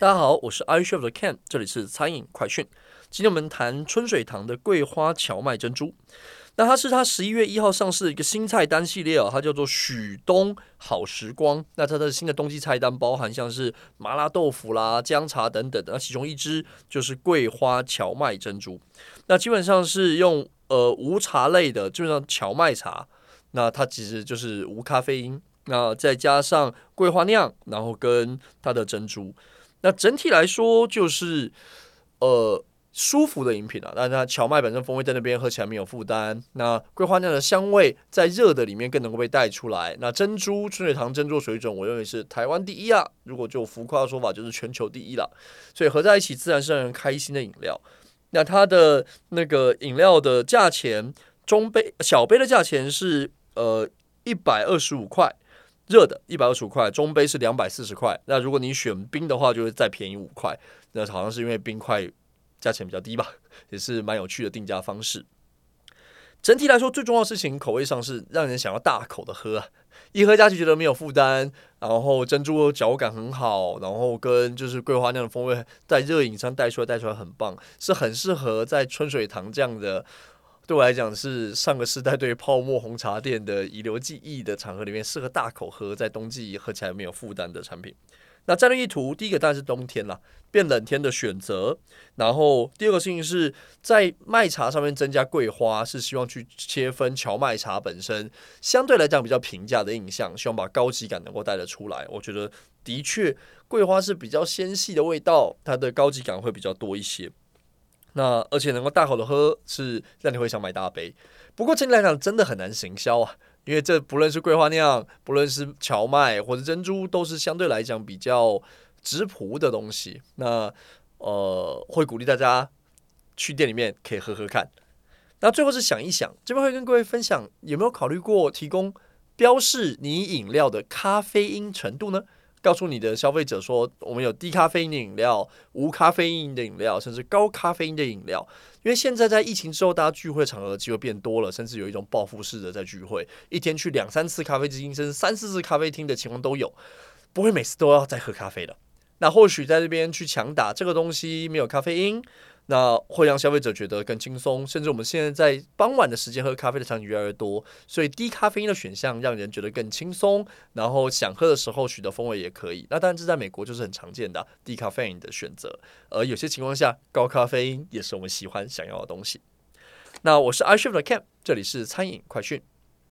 大家好，我是 iChef 的 Ken，這裡是餐飲快訊。今天我們談春水堂的桂花蕎麥珍珠。那它是它十一月一號上市的一個新菜單系列哦，它叫做“許冬好時光”。那它的新的冬季菜單包含像是麻辣豆腐啦、薑茶等等的。那其中一支就是桂花蕎麥珍珠。那基本上是用呃無茶類的，基本上蕎麥茶。那它其實就是無咖啡因。那再加上桂花釀，然後跟它的珍珠。那整體來說就是，呃，舒服的飲品啊。但是它蕎麥本身風味在那邊喝起來沒有負擔。那桂花釀的香味在熱的裡面更能夠被帶出來。那珍珠，春水堂珍珠水準，我認為是台灣第一啊。如果就浮誇的說法，就是全球第一啦。所以合在一起，自然是讓人開心的飲料。那它的那個飲料的價錢，中杯小杯的價錢是呃一百二十五塊。熱的，一百二十五塊，中杯是兩百四十塊。那如果你選冰的話，就是再便宜五塊。那好像是因為冰塊價錢比較低吧，也是蠻有趣的定價方式。整體來說，最重要的事情，口味上是讓人想要大口的喝啊。一喝下去覺得沒有負擔。然後珍珠嚼感很好，然後跟就是桂花釀的風味在熱飲上帶出來，帶出來很棒，是很適合在春水堂這樣的。對我來講是上個世代對泡沫紅茶店的遺留記憶的場合裡面，適合大口喝，在冬季喝起來沒有負擔的產品。那戰略意圖，第一個當然是冬天了，變冷天的選擇。然後第二個事情是在麥茶上面增加桂花，是希望去切分蕎麥茶本身相對來講比較平價的印象，希望把高級感能夠帶得出來。我覺得的確桂花是比較纖細的味道，它的高級感會比較多一些。那而且能夠大口的喝，是讓你會想買大杯。不過，這對來講，真的很難行銷啊，因為這不論是桂花釀，不論是蕎麥或者珍珠，都是相對來講比較質樸的東西。那呃，會鼓勵大家去店裡面可以喝喝看。那最後是想一想，這邊會跟各位分享，有沒有考慮過提供標示你飲料的咖啡因程度呢？告訴你的消費者說，我們有低咖啡因飲料、無咖啡因的飲料，甚至高咖啡因的飲料。因為現在在疫情之後，大家聚會場合就變多了，甚至有一種報復式的在聚會，一天去兩三次咖啡廳，甚至三四次咖啡廳的情況都有。不會每次都要再喝咖啡的。那或許在這邊去強打這個東西，沒有咖啡因。那會讓消費者覺得更輕鬆，甚至我們現在在傍晚的時間喝咖啡的場景越來越多，所以低咖啡因的選項讓人覺得更輕鬆，然後想喝的時候取得風味也可以。那當然這在美國就是很常見的低咖啡因的選擇，而有些情況下高咖啡因也是我們喜歡想要的東西。那我是 iCHEF 的 Ken，這裡是餐飲快訊。